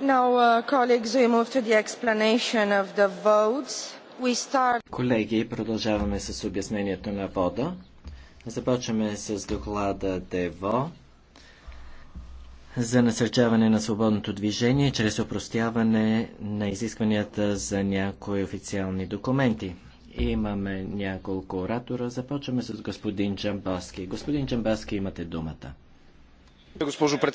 Uh, Колеги, продължаваме с обяснението на вода. Започваме с доклада ДЕВО за насърчаване на свободното движение чрез опростяване на изискванията за някои официални документи. Имаме няколко оратора. Започваме с господин Джамбаски. Господин Джамбаски, имате думата. Госпожо председател,